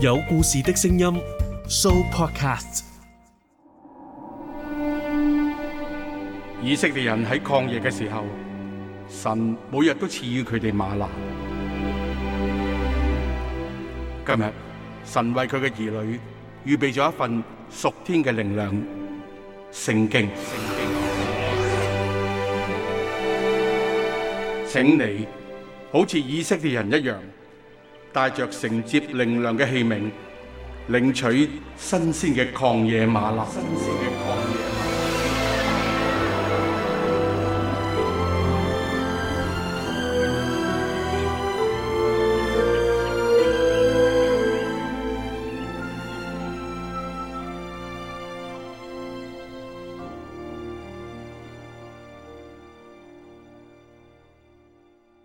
有故事的聲音，So Podcast。以色列人喺曠野嘅時候，神每日都賜予佢哋嗎哪。今日神為佢嘅兒女預備咗一份屬天嘅靈糧，聖經。請你好似以色列人一樣。帶着承接靈糧嘅器皿，領取新鮮嘅曠野嗎哪。新鮮嘅曠野嗎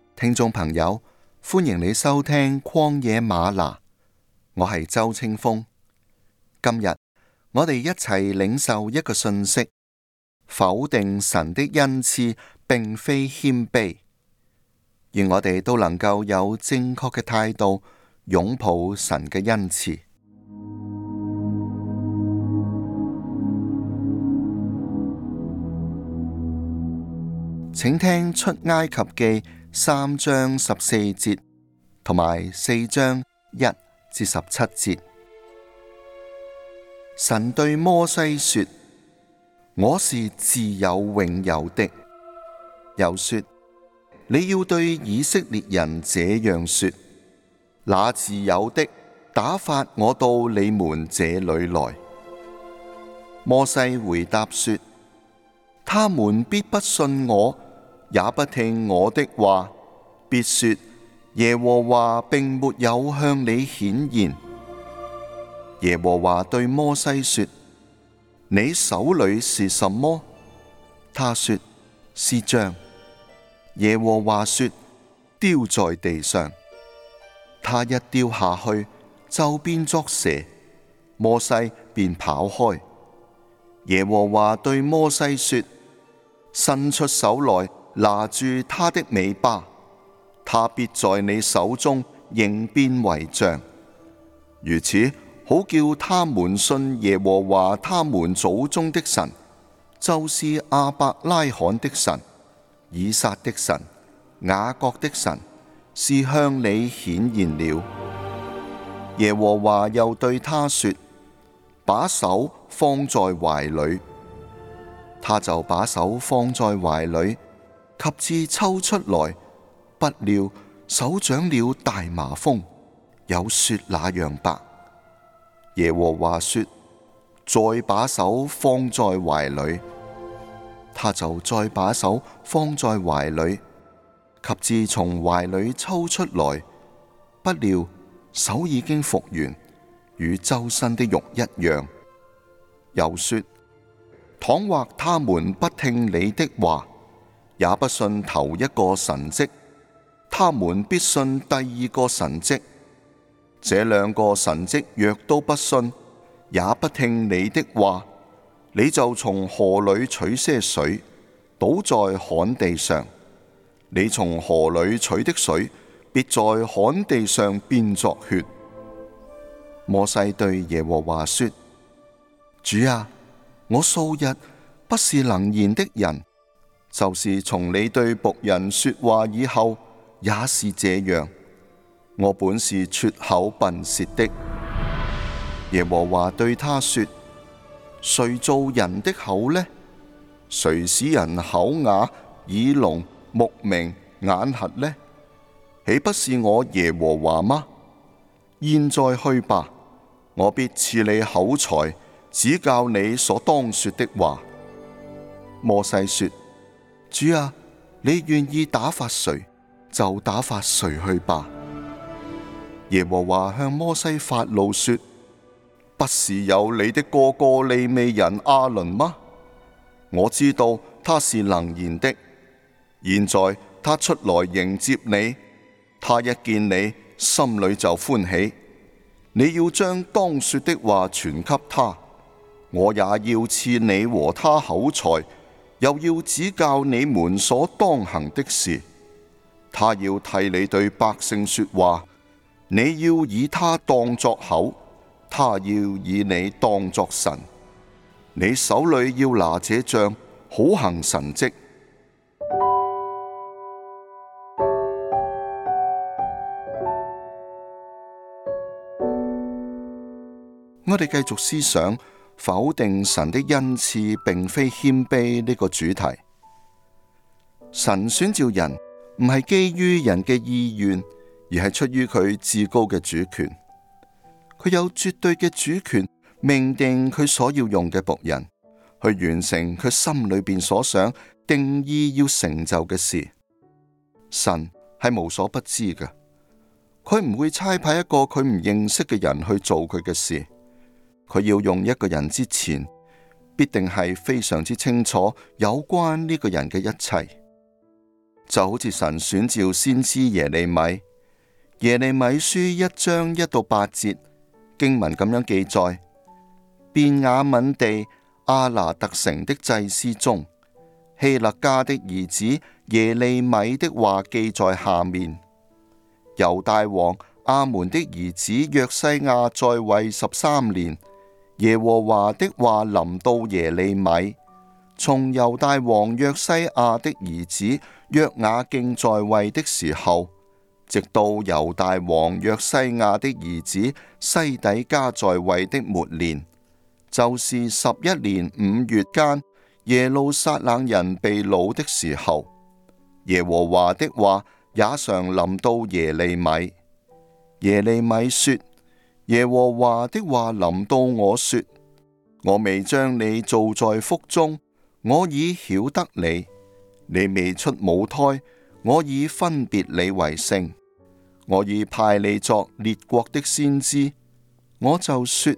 哪，聽眾朋友。歡迎你收聽曠野嗎哪，我係周清風。今日我哋一齊領受一個訊息：否定神的恩賜，並非謙卑。願我哋都能夠有正確嘅態度，擁抱神嘅恩賜。請聽出埃及記三章十四節同埋四章一至十七節，神對摩西說：我是自有永有的。又說：你要對以色列人這樣說：那自有的打發我到你們這裏來。摩西回答說：他們必不信我。也不聽我的話，別說耶和華並沒有向你顯現。耶和華對摩西說：你手裏是什麼？他說是杖。耶和華說：丟在地上。他一丟下去，就變作蛇。摩西便跑開。耶和華對摩西說：伸出手來。拿住他的尾巴，他必在你手中仍變為杖。如此，好叫他們信耶和華他們祖宗的神，就是亞伯拉罕的神、以撒的神、雅各的神，是向你顯現了。耶和華又對他說：把手放在懷裏，他就把手放在懷裏。及至抽出來，不料手長了大麻風，有雪那樣白。耶和華說：再把手放在懷裏，他就再把手放在懷裏。及至從懷裏抽出來，不料手已經復原，與周身的肉一樣。又說：倘或他們不聽你的話。也不信頭一個神蹟，他們必信第二個神蹟。這兩個神蹟若都不信，也不聽你的話，你就從河裏取些水，倒在旱地上。你從河裏取的水，必在旱地上變作血。摩西對耶和華說：主啊，我素日不是能言的人。就是從你對僕人說話以後，也是這樣。我本是拙口笨舌的。耶和華對他說：誰造人的口呢？誰使人口啞耳聾目明眼瞎呢？豈不是我耶和華嗎？現在去吧，我必賜你口才，指教你所當說的話。摩西說。主啊，你願意打發誰就打發誰去吧。耶和華向摩西發怒說：不是有你的哥哥利未人阿倫嗎？我知道他是能言的。現在他出來迎接你，他一見你心裏就歡喜。你要將剛說的話傳給他，我也要賜你和他口才。又要指教你們所當行的事，他要替你對百姓說話，你要以他當作口，他要以你當作神。你手裏要拿這杖，好行神迹。我哋繼續思想。否定神的恩賜並非謙卑呢個主題。神選召人唔係基於人嘅意願，而係出於佢至高嘅主權。佢有絕對嘅主權，命定佢所要用嘅僕人去完成佢心裏邊所想定義要成就嘅事。神係無所不知嘅，佢唔會差派一個佢唔認識嘅人去做佢嘅事。佢要用一個人之前，必定係非常之清楚有關呢個人嘅一切，就好似神選召先知耶利米。耶利米書一章一到八節經文咁樣記載：便雅敏地阿拿特城的祭司中，希勒家的兒子耶利米的話記在下面。猶大王阿門的兒子約西亞在位十三年。耶和華的話臨到耶利米，從猶大王約西亞的兒子約雅敬在位的時候，直到猶大王約西亞的兒子西底家在位的末年，就是十一年五月間，耶路撒冷人被擄的時候，耶和華的話也常臨到耶利米。耶利米說。耶和華的話臨到我說：我未將你造在腹中，我已曉得你；你未出母胎，我已分別你為聖。我已派你作列國的先知。我就說：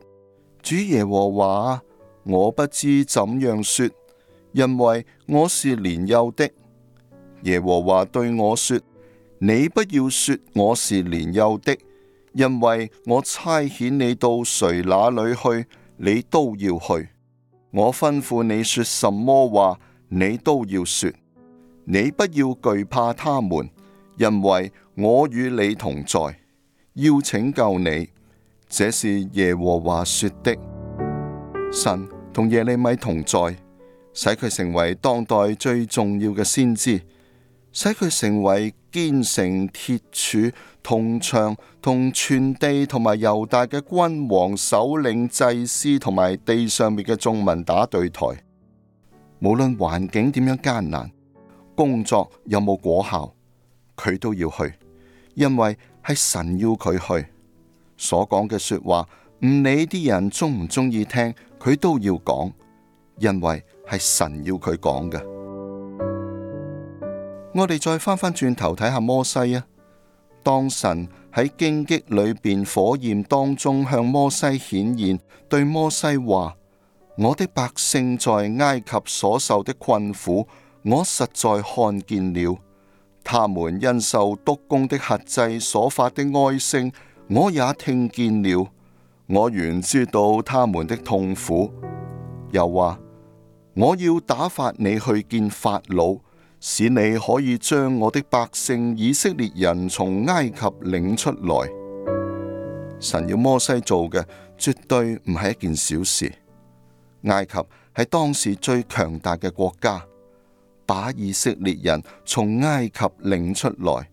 主耶和華，我不知怎樣說，因為我是年幼的。耶和華對我說：你不要說我是年幼的。因為我差遣你到誰那裏去，你都要去；我吩咐你說什麼話，你都要說。你不要懼怕他們，因為我與你同在，要拯救你。這是耶和華說的。神同耶利米同在，使佢成為當代最重要嘅先知，使佢成為堅城鐵柱。同場同全地同埋猶大嘅君王、首領、祭司同埋地上面嘅眾民打對台，無論環境點樣艱難，工作有冇果效，佢都要去，因為係神要佢去。所講嘅說話，唔理啲人鍾唔鍾意聽，佢都要講，因為係神要佢講嘅。我哋再翻翻轉頭睇下摩西啊。當神喺荊棘裏邊火焰當中向摩西顯現，對摩西話：我的百姓在埃及所受的困苦，我實在看見了；他們因受督工的轄制所發的哀聲，我也聽見了。我原知道他們的痛苦。又話：我要打發你去見法老。使你可以將我的百姓以色列人從埃及領出來。神要摩西做嘅絕對唔係一件小事。埃及係當時最強大嘅國家，把以色列人從埃及領出來，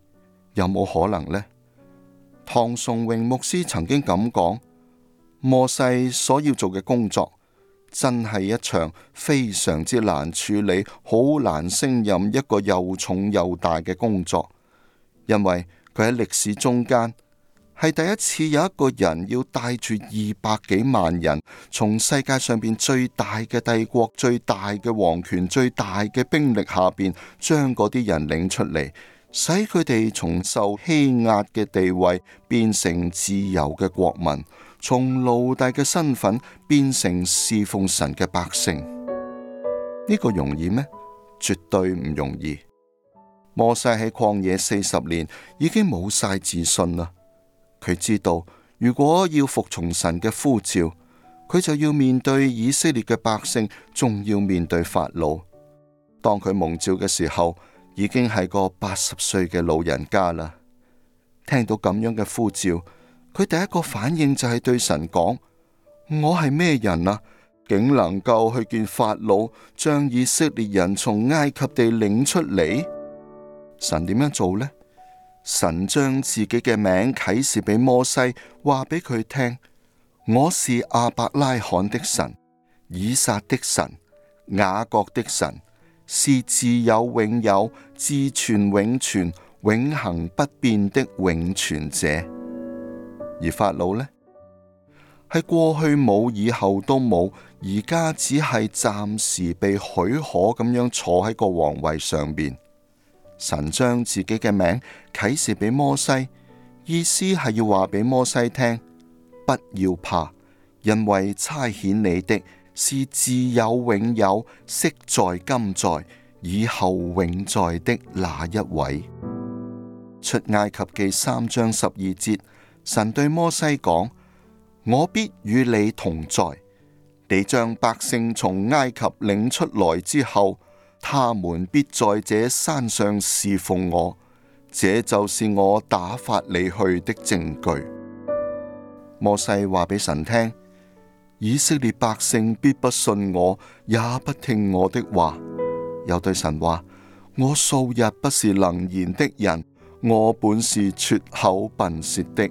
有冇可能呢？唐崇榮牧師曾經咁講：摩西所要做嘅工作。真係一場非常之難處理、好難勝任一個又重又大嘅工作，因為佢喺歷史中間係第一次有一個人要帶住二百幾萬人，從世界上邊最大嘅帝國、最大嘅皇權、最大嘅兵力下邊，將嗰啲人領出嚟。使佢哋從受欺壓嘅地位變成自由嘅國民，從奴隸嘅身份變成侍奉神嘅百姓，呢、這個容易咩？絕對唔容易。摩西喺曠野四十年已經冇晒自信啦，佢知道如果要服從神嘅呼召，佢就要面對以色列嘅百姓，仲要面對法老。當佢蒙召嘅時候，已經係個八十歲嘅老人家啦，聽到咁樣嘅呼召，佢第一個反應就係對神講：我係咩人啊？竟能夠去見法老，將以色列人從埃及地領出嚟？神點樣做呢？神將自己嘅名啟示俾摩西，話俾佢聽：我是亞伯拉罕的神，以撒的神，雅各的神。是自有永有、自存永存、永恆不變的永存者，而法老呢，喺過去冇、以後都冇，而家只係暫時被許可咁樣坐喺個皇位上邊。神將自己嘅名啟示俾摩西，意思係要話俾摩西聽，不要怕，因為差遣你的。是自有永有、昔在今在、以後永在的那一位。出埃及記三章十二節，神對摩西講：我必與你同在。你將百姓從埃及領出來之後，他們必在這山上侍奉我，這就是我打發你去的證據。摩西話俾神聽。以色列百姓必不信我，也不聽我的話。有對神話：我素日不是能言的人，我本是拙口笨舌的。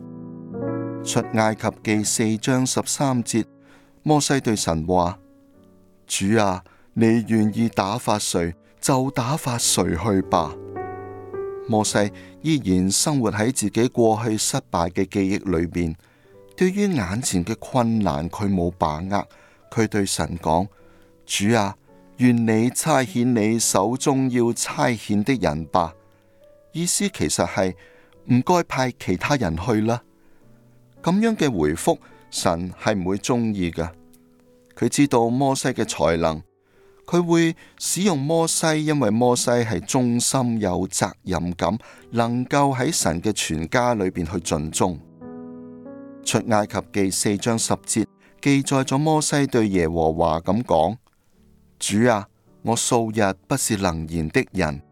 出埃及記四章十三節，摩西對神話：主啊，你願意打發誰，就打發誰去吧。摩西依然生活喺自己過去失敗嘅記憶裏面。對於眼前嘅困難，佢冇把握，佢對神講：主啊，願你差遣你手中要差遣的人吧。意思其實係唔該派其他人去啦。咁樣嘅回覆，神係唔會中意嘅。佢知道摩西嘅才能，佢會使用摩西，因為摩西係忠心有責任感，能夠喺神嘅全家裏邊去盡忠。出埃及記四章十節記載咗摩西對耶和華咁講：主啊，我素日不是能言的人，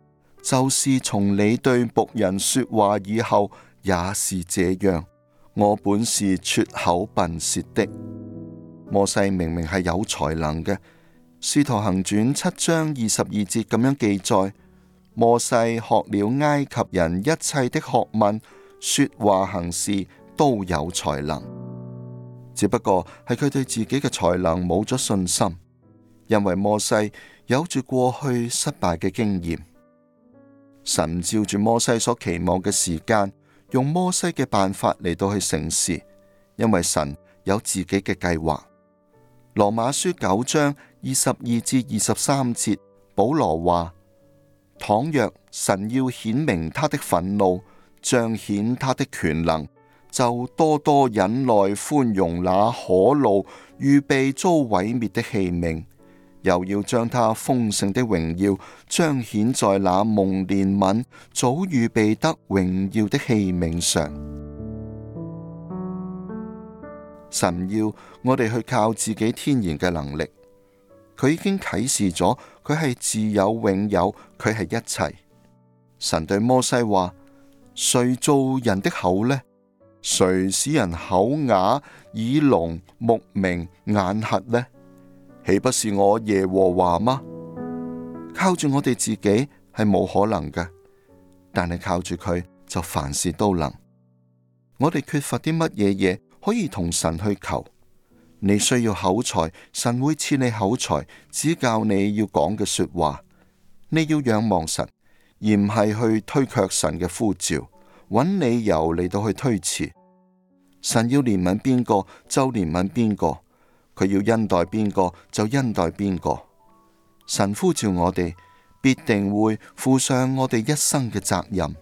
就是從你對僕人說話以後也是這樣，我本是拙口笨舌的。摩西明明係有才能嘅，使徒行傳七章二十二節咁樣記載：摩西學了埃及人一切的學問，說話行事。都有才能，只不過係佢對自己嘅才能冇咗信心，因為摩西有住過去失敗嘅經驗。神照住摩西所期望嘅時間，用摩西嘅辦法嚟到去成事，因為神有自己嘅計劃。羅馬書九章二十二至二十三節，保羅話：倘若神要顯明他的憤怒，彰顯他的權能。就多多忍耐寬容那可怒預備遭毀滅的器皿，又要將他豐盛的榮耀彰顯在那蒙憐憫、早預備得榮耀的器皿上。神要我哋去靠自己天然嘅能力，佢已經啟示咗，佢係自有永有，佢係一切。神對摩西話：誰造人的口呢？誰使人口啞、耳聾、目明、眼瞎呢？豈不是我耶和華嗎？靠住我哋自己係冇可能嘅，但係靠住佢就凡事都能。我哋缺乏啲乜嘢嘢可以同神去求？你需要口才，神會賜你口才，指教你要講嘅說話。你要仰望神，而唔係去推卻神嘅呼召。揾理由嚟到去推辭，神要憐憫邊個就憐憫邊個，佢要恩待邊個就恩待邊個。神呼召我哋，必定會負上我哋一生嘅責任。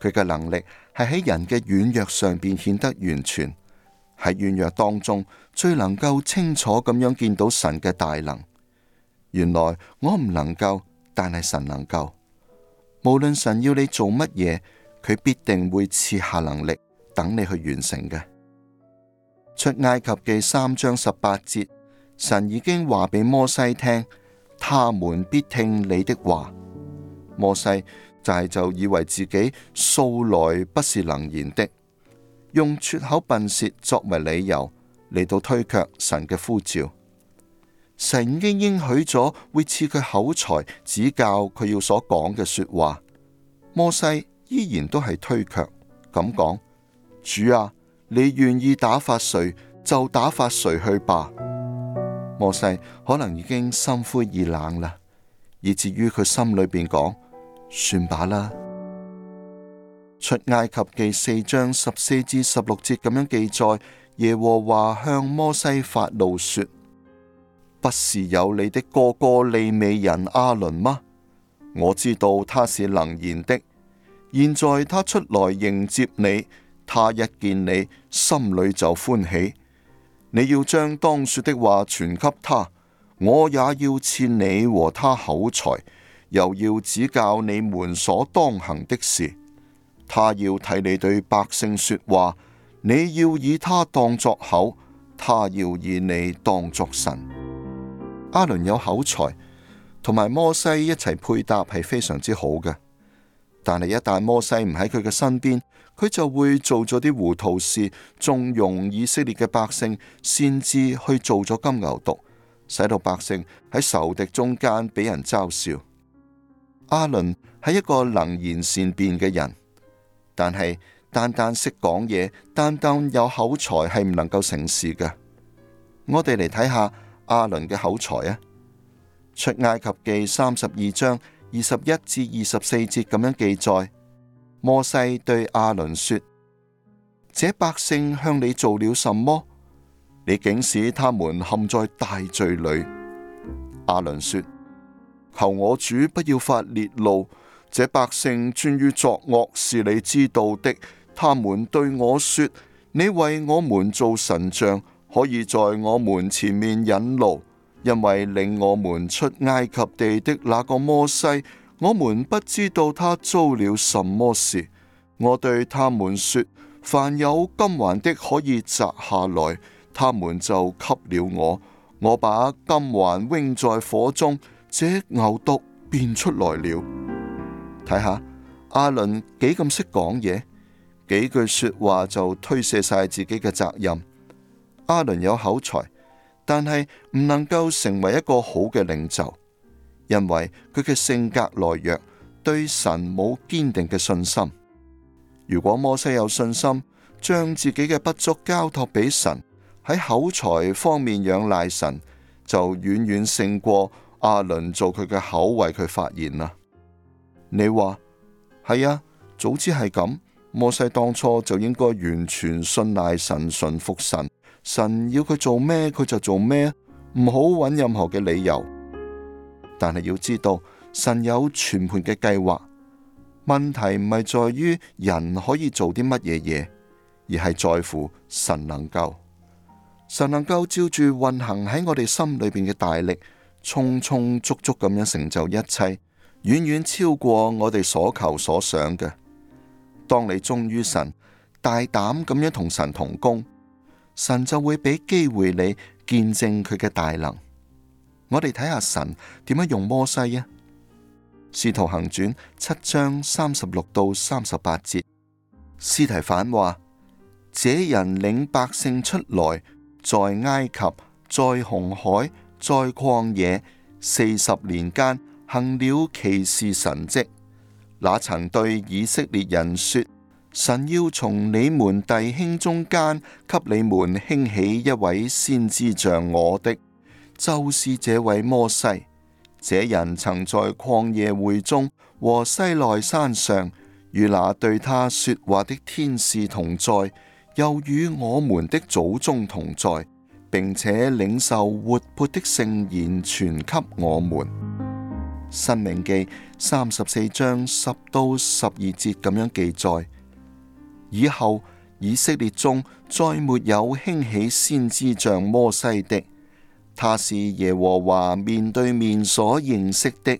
佢嘅能力係喺人嘅軟弱上面顯得完全，喺軟弱當中最能夠清楚咁樣見到神嘅大能。原來我唔能夠，但係神能夠。無論神要你做乜嘢。佢必定會賜下能力，等你去完成嘅。出埃及記三章十八節，神已經話俾摩西聽，他們必聽你的話。摩西就係就以為自己素來不是能言的，用拙口笨舌作為理由嚟到推卻神嘅呼召。神已經應許咗會賜佢口才，指教佢要所講嘅說話。摩西。依然都係推卻咁講，主啊，你願意打發誰就打發誰去吧。摩西可能已經心灰意冷啦，以至於佢心裏邊講算吧啦。出埃及記四章十四至十六節咁樣記載，耶和華向摩西發怒說：不是有你的哥哥利未人阿倫嗎？我知道他是能言的。現在他出來迎接你，他一見你心裡就歡喜。你要將當說的話傳給他，我也要賜你和他口才，又要指教你們所當行的事。他要替你對百姓說話，你要以他當作口，他要以你當作神。阿倫有口才，同埋摩西一齊配搭係非常之好嘅。但係一旦摩西唔喺佢嘅身邊，佢就會做咗啲糊塗事，縱容以色列嘅百姓，先至去做咗金牛犢，使到百姓喺仇敵中間俾人嘲笑。阿倫係一個能言善辯嘅人，但係單單識講嘢，單單有口才係唔能夠成事嘅。我哋嚟睇下阿倫嘅口才啊，《出埃及記》三十二章。二十一至二十四節，咁樣記載，摩西對阿倫說：這百姓向你做了什麼？你竟使他們陷在大罪裏？阿倫說：求我主不要發烈怒，這百姓專於作惡，是你知道的。他們對我說：你為我們做神像，可以在我們前面引路。因為領我們出埃及地的那個摩西，我們不知道他遭了什麼事。我對他們說：凡有金環的可以摘下來，他們就給了我。我把金環扔在火中，這牛犢變出來了。睇下阿倫幾咁識講嘢，幾句說話就推卸晒自己嘅責任。阿倫有口才。但係唔能夠成為一個好嘅領袖，因為佢嘅性格懦弱，對神冇堅定嘅信心。如果摩西有信心，將自己嘅不足交託俾神，喺口才方面仰賴神，就遠遠勝過阿倫做佢嘅口為佢發言啦。你話係啊，早知係咁，摩西當初就應該完全信賴神，信服神。神要佢做咩，佢就做咩，唔好揾任何嘅理由。但係要知道，神有全盤嘅計劃。問題唔係在於人可以做啲乜嘢嘢，而係在乎神能夠。神能夠照住運行喺我哋心裏邊嘅大力，充充足足咁樣成就一切，遠遠超過我哋所求所想嘅。當你忠於神，大膽咁樣同神同工。神就會俾機會你見證佢嘅大能。我哋睇下神點樣用摩西啊，《使徒行傳》七章三十六到三十八節，司提反話：這人領百姓出來，在埃及，在紅海，在曠野，四十年間行了奇事神蹟，那曾對以色列人說。神要從你們弟兄中間給你們興起一位先知像我的，就是這位摩西。這人曾在曠野會中和西奈山上與那對他說話的天使同在，又與我們的祖宗同在，並且領受活潑的聖言傳給我們。申命記三十四章十到十二節咁樣記載。以後以色列中再沒有興起先知像摩西的，他是耶和華面對面所認識的。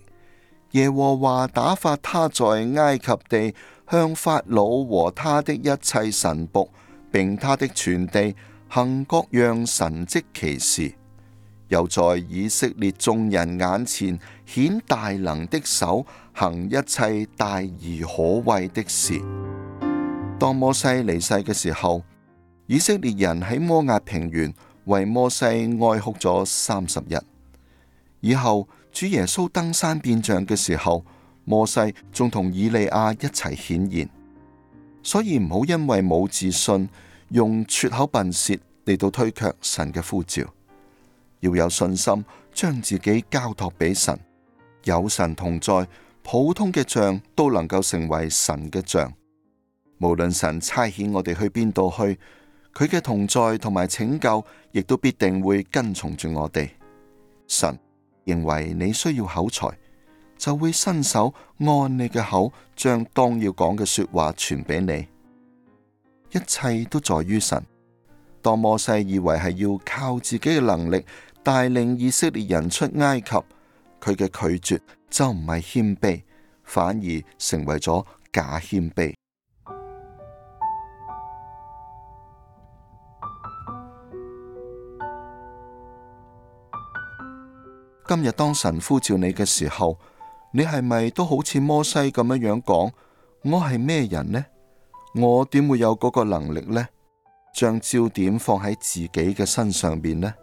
耶和華打發他在埃及地向法老和他的一切臣僕，並他的全地行各樣神跡奇事，又在以色列眾人眼前顯大能的手，行一切大而可畏的事。當摩西離世嘅時候，以色列人喺摩押平原為摩西哀哭咗三十日。以後主耶穌登山變像嘅時候，摩西仲同以利亞一齊顯現。所以唔好因為冇自信，用拙口笨舌嚟到推卻神嘅呼召。要有信心，將自己交託俾神。有神同在，普通嘅像都能夠成為神嘅像。無論神差遣我哋去邊度去，佢嘅同在同埋拯救，亦都必定會跟從住我哋。神認為你需要口才，就會伸手按你嘅口，將當要講嘅說話傳俾你。一切都在於神。當摩西以為係要靠自己嘅能力帶領以色列人出埃及，佢嘅拒絕就唔係謙卑，反而成為咗假謙卑。今日當神呼召你嘅時候，你係咪都好似摩西咁樣樣講？我係咩人呢？我點會有嗰個能力呢？將焦點放喺自己嘅身上邊呢？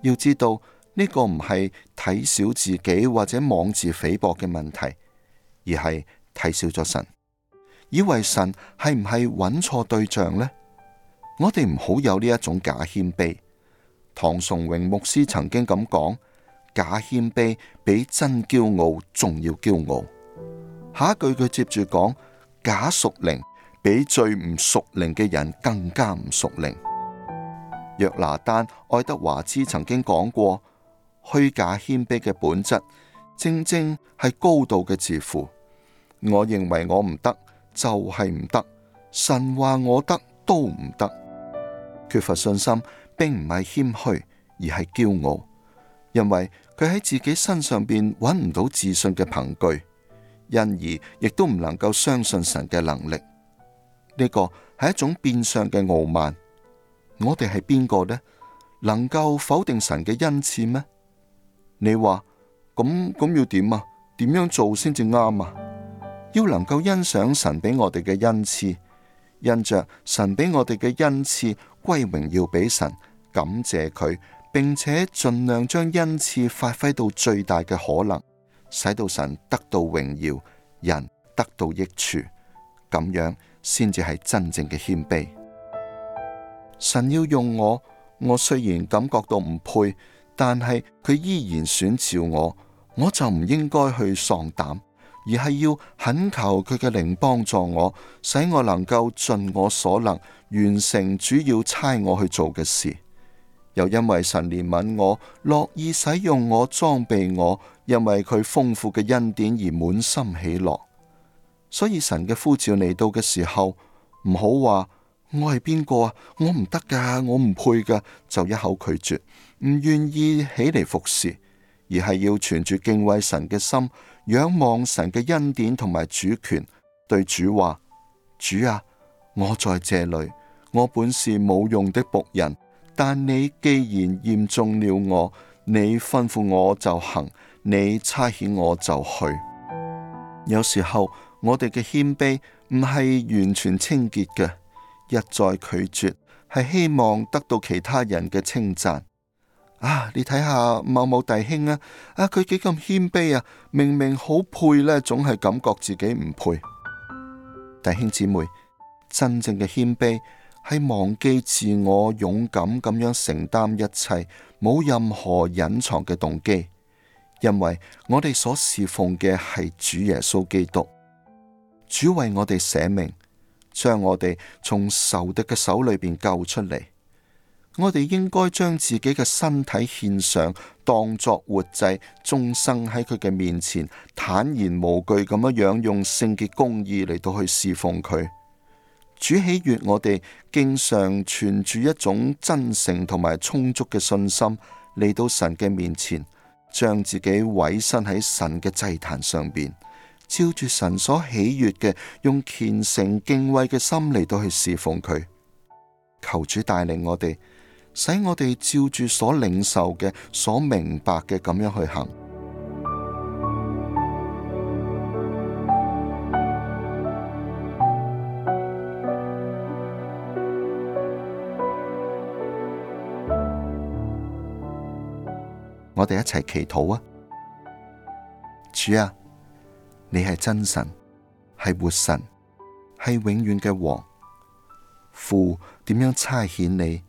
要知道呢個唔係睇小自己或者妄自菲薄嘅問題，而係睇小咗神，以為神係唔係揾錯對象呢？我哋唔好有呢一種假謙卑。唐崇榮牧師曾經咁講。假謙卑比真驕傲仲要驕傲。下一句佢接住講，假屬靈比最唔屬靈嘅人更加唔屬靈。若拿單愛德華茲曾經講過，虛假謙卑嘅本質正正係高度嘅自負。我認為我唔得就係、是、唔得，神話我得都唔得。缺乏信心並唔係謙虛，而係驕傲。因為佢喺自己身上邊揾唔到自信嘅憑據，因而亦都唔能夠相信神嘅能力。呢個係一種變相嘅傲慢。我哋係邊個呢？能夠否定神嘅恩賜咩？你話咁咁要點啊？點樣做先至啱啊？要能夠欣賞神俾我哋嘅恩賜，因着神俾我哋嘅恩賜歸榮耀俾神，感謝佢。並且盡量將恩賜發揮到最大嘅可能，使到神得到榮耀，人得到益處，咁樣先至係真正嘅謙卑。神要用我，我雖然感覺到唔配，但係佢依然選召我，我就唔應該去喪膽，而係要懇求佢嘅靈幫助我，使我能夠盡我所能完成主要差我去做嘅事。又因為神憐憫我，樂意使用我、裝備我，因為佢豐富嘅恩典而滿心喜樂。所以神嘅呼召嚟到嘅時候，唔好話我係邊個啊，我唔得噶，我唔配噶，就一口拒絕，唔願意起嚟服侍，而係要存住敬畏神嘅心，仰望神嘅恩典同埋主權，對主話：主啊，我在這裡，我本是冇用的僕人。但你既然驗中了我，你吩咐我就行，你差遣我就去。有時候我哋嘅謙卑唔係完全清潔嘅，一再拒絕係希望得到其他人嘅稱讚。啊，你睇下某某弟兄啊，啊，佢幾咁謙卑啊，明明好配呢，總係感覺自己唔配。弟兄姊妹，真正嘅謙卑。係忘記自我，勇敢咁樣承擔一切，冇任何隱藏嘅動機，因為我哋所侍奉嘅係主耶穌基督，主為我哋捨命，將我哋從仇敵嘅手裏邊救出嚟，我哋應該將自己嘅身體獻上，當作活祭，終生喺佢嘅面前，坦然無懼咁樣樣用聖潔公義嚟到去侍奉佢。主喜悅我哋，經常存住一種真誠同埋充足嘅信心嚟到神嘅面前，將自己委身喺神嘅祭壇上面，照住神所喜悦嘅，用虔誠敬畏嘅心嚟到去侍奉佢。求主帶領我哋，使我哋照住所領受嘅、所明白嘅，咁樣去行。我哋一齊祈禱啊！主啊，你係真神，係活神，係永遠嘅王。父點樣差遣你，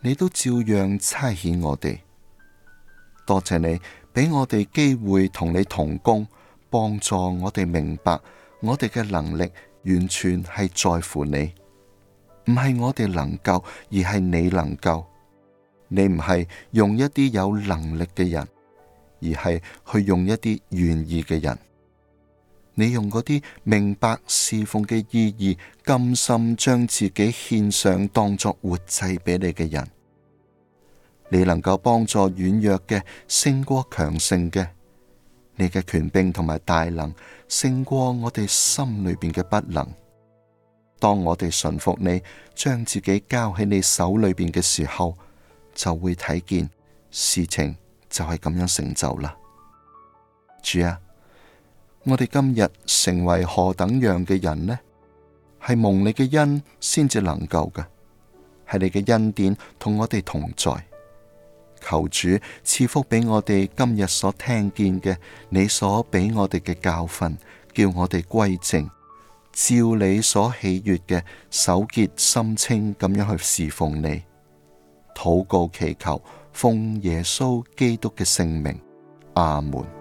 你都照樣差遣我哋。多謝你俾我哋機會同你同工，幫助我哋明白，我哋嘅能力完全係在乎你，唔係我哋能夠，而係你能夠。你唔係用一啲有能力嘅人，而係去用一啲願意嘅人。你用嗰啲明白侍奉嘅意義，甘心將自己獻上當作活祭俾你嘅人，你能夠幫助軟弱嘅勝過強盛嘅。你嘅權柄同埋大能勝過我哋心裏邊嘅不能。當我哋信服你，將自己交喺你手裏邊嘅時候，就會睇見事情就係咁樣成就啦。主啊，我哋今日成為何等樣嘅人呢？係蒙你嘅恩先至能夠嘅，係你嘅恩典同我哋同在。求主賜福俾我哋今日所聽見嘅，你所俾我哋嘅教訓，叫我哋歸正，照你所喜悅嘅，手潔心清咁樣去侍奉你。禱告、祈求，奉耶穌基督嘅聖名，阿門。